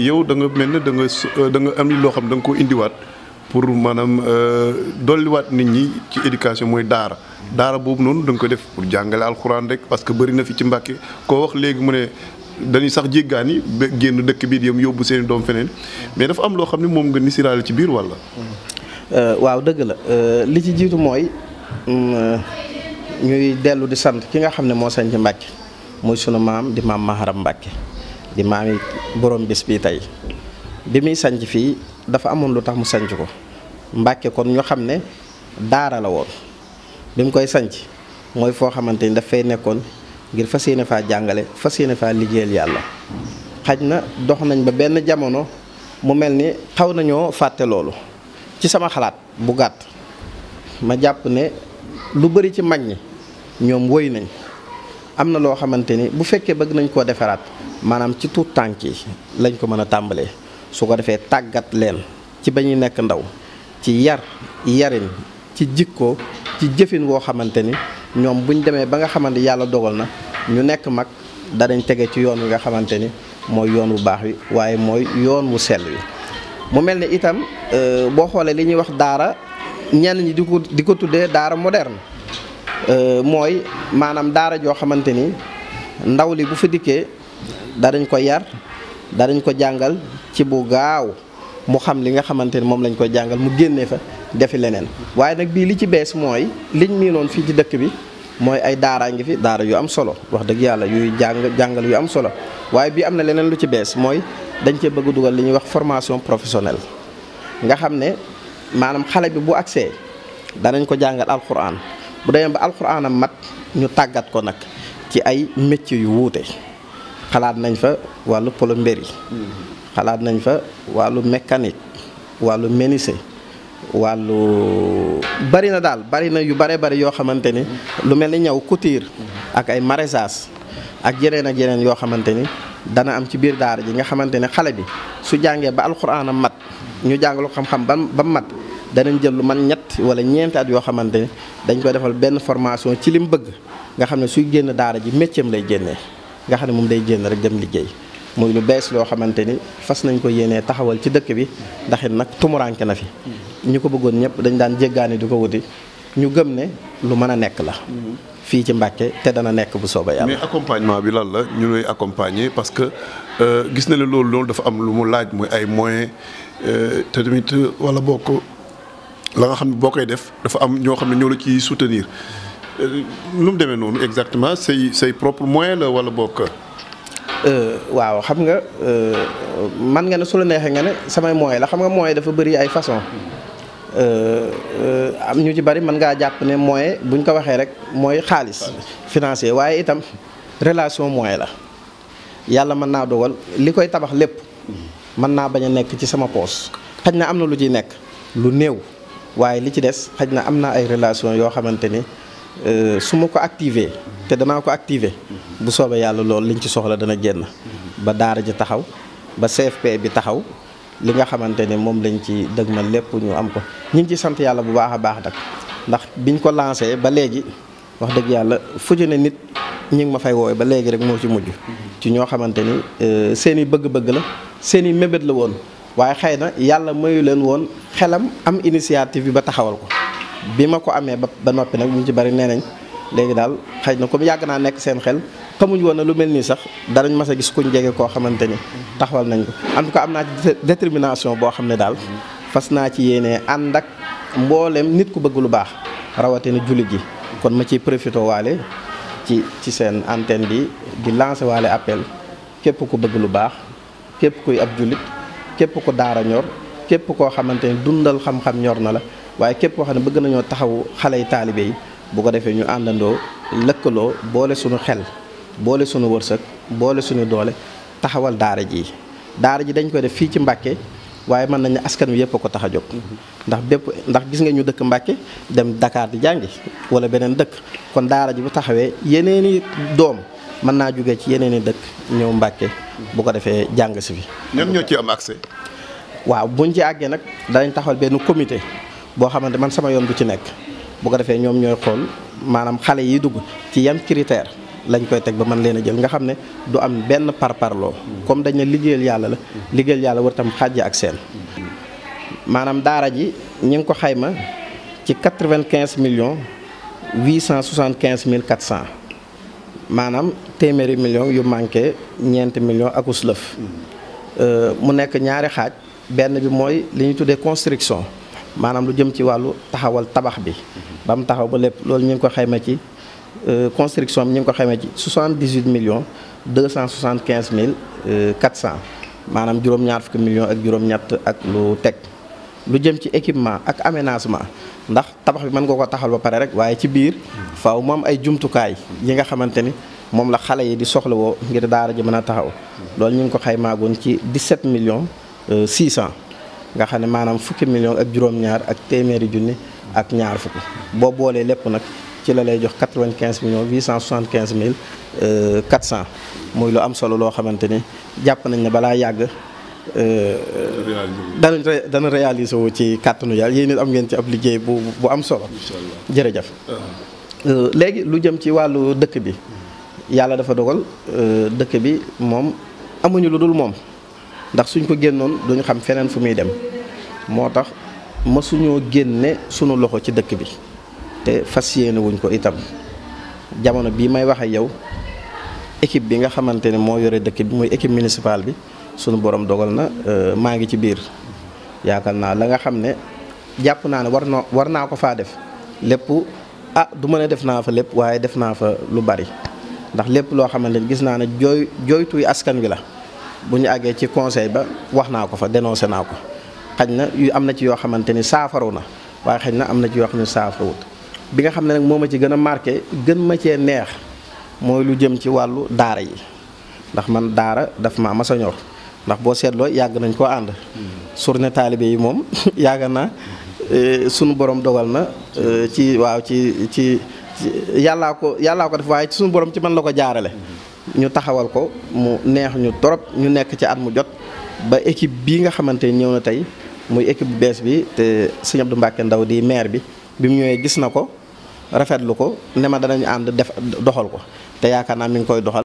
yow da nga mel ne da nga euh, da nga am loo xam da nga ko indiwaat pour maanaam euh, dolliwaat nit ñi ci éducation mooy daara daara boobu noonu danga ko def pour jàngale alxuraan rek parce que bëri na fi ci Mbàkke koo wax léegi mu ne dañuy sax jéggaani ba génn dëkk bi yam yóbbu seen doom feneen mais dafa am loo xam ne moom nga nisiraale ci biir walla. Euh, waaw dëgg la li ci jiitu mooy mm, ñuy dellu di sant ki nga xam ne moo sañ ci Mbàkke muy sunu maam di maam Maharam Mbàkke di maami borom bis bi tey bi muy sanc fii dafa amoon lu tax mu sanc ko Mbàkke kon ñu xam ne daara la woon bi mu koy sanc mooy foo xamante ni dafay nekkoon ngir fas yéene faa jàngale fas yéene faa liggéeyal yàlla xaj na dox nañ ba benn jamono mu mel ni xaw nañoo fàtte loolu ci sama xalaat bu gàtt ma jàpp ne lu bari ci mag ñi ñoom woy nañ am na loo xamante ni bu fekkee bëgg nañ koo defaraat maanaam ci tuut tànk yi lañ ko mën a tàmbalee su ko defee tàggat leen ci ba ñu nekk ndaw ci yar yarin ci jikko ci jëfin woo xamante ni ñoom buñ demee ba nga xamante yàlla dogal na ñu nekk mag danañ tege ci yoon wi nga xamante ni mooy yoon wu baax wi waaye mooy yoon wu sell wi mu mel ni itam euh, boo xoolee li ñuy wax daara ñenn ñi di ko di ko tuddee daara moderne Euh, mooy maanaam daara joo xamante ni ndaw li bu fa dikkee danañ ko yar danañ ko jàngal ci bu gaaw mu xam li nga xamante ni moom lañ koy jàngal mu génnee fa defi leneen waaye nag bii li ci bees mooy liñ miinoon fii ci dëkk bi mooy ay daaraa ngi fi daara yu am solo wax dëgg yàlla yuy jàng jàngal yu am solo waaye bii am na leneen lu ci bees mooy dañ cee bëgg dugal li ñuy wax formation professionnelle nga xam ne maanaam xale bi bu agsee danañ ko jàngal alxuraan bu demee ba alxuraanam mat ñu tàggat ko nag ci ay métiers yu wuute xalaat nañ fa wàllu plomberie xalaat nañ fa wàllu mécanique wàllu menuisier wàllu bari na daal bari na yu bare bari yoo xamante ni lu mel ni ñaw couture ak ay maraîchage ak yeneen ak yeneen yoo xamante ni dana am ci biir daara ji nga xamante ne xale bi su jàngee ba alxuraanam mat ñu jàngalu xam-xam ba ba mat danañ jël lu man ñett wala ñeenti at yoo xamante ne dañ koy defal benn formation ci li mu bëgg nga xam ne suy génn daara ji métier lay génnee nga xam ne moom day génn rek dem liggéey muy lu bees loo xamante ni fas nañ ko yéenee taxawal ci dëkk bi ndax it nag tumuranke na fi ñu ko bëggoon ñëpp dañ daan jéggaani di ko wuti ñu gëm ne lu mën a nekk la fii ci Mbàkke te dana nekk bu soobee yàlla. mais accompagnement bi lan la ñu lay accompagner parce que euh, gis na ne loolu loolu dafa am lu mu laaj muy ay moyens euh, te tamit wala bokk la nga xam ne boo koy def dafa am ñoo xam ne ñoo la ciy soutenir lu euh, mu demee noonu exactement say say propre moyen la wala bokk. Euh, waaw xam nga euh, man nga ne su la neexee nga ne samay moyen la xam nga moyen dafa bëri ay façon am ñu ci bari mën ngaa jàpp ne moyen buñ ko waxee rek mooy xaalis financier waaye itam relation moyen la yàlla mën naa dogal li koy tabax lépp hmm. mën naa bañ a nekk ci sama poos xaj na am na lu ciy nekk lu néew waaye li ci des xaj na am naa ay relation yoo xamante ni euh, su ma ko activer te danaa ko activer bu soobee yàlla loolu liñ ci soxla dana génn ba daara ji taxaw ba CFP bi taxaw li nga xamante ne moom lañ ci dëgg dëgmal lépp ñu am ko ñu ngi ci sant yàlla bu baax a baax nag ndax biñ ko lancé ba léegi wax dëgg yàlla fuju ne nit ñi ngi ma fay woowee ba léegi rek moo ci mujj ci ñoo xamante ni euh, seen i bëgg-bëgg la seen i mébét la woon waaye xëy na yàlla mayu leen woon xelam am initiative bi ba taxawal ko bi ma ko amee ba ba noppi nag ñu ci bari nee nañ léegi daal xëy na comme yàgg naa nekk seen xel xamuñ woon na lu mel nii sax danañ mas a gis ku kuñ jege koo xamante ni taxawal nañ ko am naa ci détermination boo xam ne daal fas naa ci yéene ànd ak mbooleem nit ku bëgg lu baax rawatina jullit ji kon ma ciy profité waale ci ci seen antenne bi di lancé waale appel képp ku bëgg lu baax képp kuy ab jullit képp ko daara ñor képp koo xamante ne dundal xam-xam ñor na la waaye képp koo xam ne bëgg nañoo taxawu xale yi taalibe yi bu ko defee ñu àndandoo lëkkaloo boole suñu xel boole suñu wërsëg boole suñu doole taxawal daara ji daara ji dañ koy def fii ci Mbàkke waaye mën nañu askan wi yëpp ko tax a jóg ndax bépp ndax gis nga ñu dëkk Mbàkke dem dakaar di jàngi wala beneen dëkk kon daara ji bu taxawee yeneeni doom mën naa jóge ci yeneeni dëkk ñëw Mbàkke bu ko defee jàng si fi. ñoom ñoo ci am accès. waaw buñ ci àggee nag dañ taxawal benn comité boo xamante man sama yoon bu ci nekk bu ko defee ñoom ñooy xool maanaam xale yi dugg ci yan critère lañ koy teg ba man leen a jël nga xam ne du am benn par parparloo comme dañ ne liggéeyal yàlla la liggéeyal yàlla war tam xàjj ak seen maanaam daara ji ñu ngi ko xayma ci quatre-vingt-quinze millions huit cent soixante-quinze mille quatre cent maanaam téeméeri millions yu manqué ñeenti million ak uslëf euh, mu nekk ñaari xaaj benn bi mooy li ñu tuddee construction maanaam lu jëm ci wàllu taxawal tabax bi ba taxaw ba lépp loolu ñu ngi ko xayma ci euh, construction bi ñu ngi ko xayma ci 78 millions 275 mille 400 euh, maanaam juróom-ñaar fukki millions ak juróom-ñett ak lu teg lu jëm ci équipement ak aménagement ndax tabax bi mën nga ko taxal ba pare rek waaye ci biir faaw moom ay jumtukaay yi nga xamante ni moom la xale yi di soxlawoo ngir daara ji mën a taxaw loolu ñu ngi ko xaymaagoon ci million millions euh, cent nga xam ne maanaam fukki million ak juróom-ñaar ak téeméeri junni ak ñaar fukk boo boolee lépp nag ci la lay jox 95 millions 875 mille 400 euh, muy lu am solo loo xamante ni jàpp nañ ne balaa yàgg. Euh, dana dana réaliser wu ci kàttanu yàlla yéen am ngeen ci ab liggéey bu bu am solo. jërëjëf uh-huh. léegi lu jëm ci wàllu dëkk bi. yàlla dafa dogal euh, dëkk bi moom amuñu lu dul moom ndax suñ ko génnoon duñu xam feneen fu muy dem moo tax ma mësuñoo génne sunu loxo ci dëkk bi te fas yéenewuñ ko itam jamono bii may wax yow équipe bi nga xamante ne moo yore dëkk bi muy équipe municipale bi suñu borom dogal na euh, maa ngi ci biir yaakaar naa la nga xam ne jàpp naa ne war war naa ko faa def lépp ah du mën def naa fa lépp waaye def naa fa lu bari ndax lépp loo xamante ne gis naa ne jooy jooytuy askan wi la bu ñu àggee ci conseil ba wax naa ko fa dénoncé naa ko xaj na yu am na ci yoo xamante ni saafaru na waaye xaj na am na ci yoo xam ne saafaruwut bi nga xam ne nag moo ma ci gën a marqué gën ma cee neex mooy lu jëm ci wàllu daara yi ndax man daara daf ma ma sa ñor ndax boo seetloo yàgg nañ koo ànd surne hmm. taalibe yi moom yàgg na eh, sunu borom dogal na eh, ci waaw ci ci yàllaa ko yàllaa ko def waaye ci suñu borom ci man la ko jaarale ñu taxawal ko mu neex ñu torop ñu nekk ci at mu jot ba équipe bii nga xamante ni ñëw na tey muy équipe bu bees bi te sëñ Abdou mbàkke Ndaw di maire bi bi mu ñëwee gis na ko rafetlu ko ne ma danañu ànd def doxal ko te yaakaar naa mi ngi koy doxal